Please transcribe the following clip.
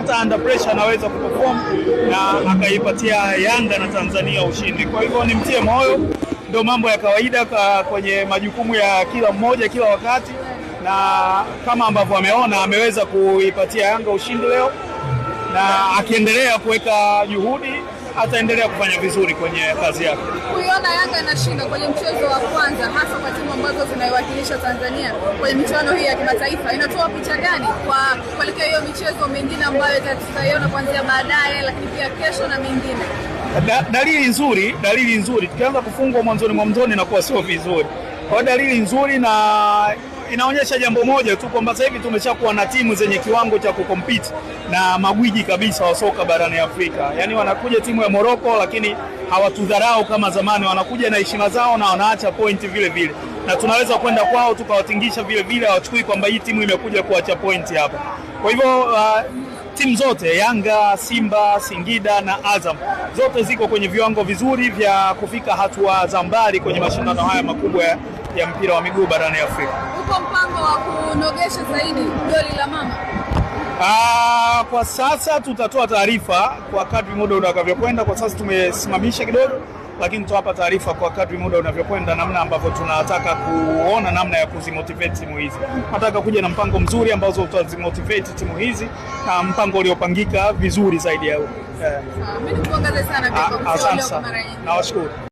hata under pressure anaweza kuperform na akaipatia Yanga na Tanzania ushindi. Kwa hivyo nimtie moyo, ndio mambo ya kawaida kwa kwenye majukumu ya kila mmoja kila wakati, na kama ambavyo ameona ameweza kuipatia Yanga ushindi leo, na akiendelea kuweka juhudi ataendelea kufanya vizuri kwenye kazi yake. Yanga inashinda kwenye mchezo wa kwanza, hasa kwa timu ambazo zinaiwakilisha Tanzania kwenye michuano hii ya kimataifa, inatoa picha gani kwa kuelekea hiyo michezo mingine ambayo tutaiona kuanzia baadaye, lakini pia kesho na mingine? Da, dalili nzuri, dalili nzuri. Tukianza kufungwa mwanzoni mwanzoni inakuwa sio vizuri, kwa dalili nzuri na inaonyesha jambo moja tu kwamba sasa hivi tumeshakuwa na timu zenye kiwango cha kukompiti na magwiji kabisa wa soka barani Afrika. Yaani wanakuja timu ya Moroko, lakini hawatudharau kama zamani, wanakuja na heshima zao na wanaacha pointi vile vile, na tunaweza kwenda kwao tukawatingisha vile vile, hawachukui kwamba hii timu imekuja kuacha pointi hapa. Kwa hivyo uh, timu zote Yanga, Simba, Singida na Azam zote ziko kwenye viwango vizuri vya kufika hatua za mbali kwenye mashindano haya makubwa ya mpira wa miguu barani Afrika upo mpango wa kunogesha zaidi doli la mama? Aa, ah, kwa sasa tutatoa taarifa kwa kadri muda unavyokwenda. Kwa sasa tumesimamisha kidogo, lakini tutawapa taarifa kwa kadri muda unavyokwenda, namna ambavyo tunataka kuona namna ya kuzimotivate timu hizi. Nataka kuja na mpango mzuri ambazo utazimotivate timu hizi na mpango uliopangika vizuri zaidi ya huu. Yeah. Eh. nikuongeze sana ah, Nawashukuru.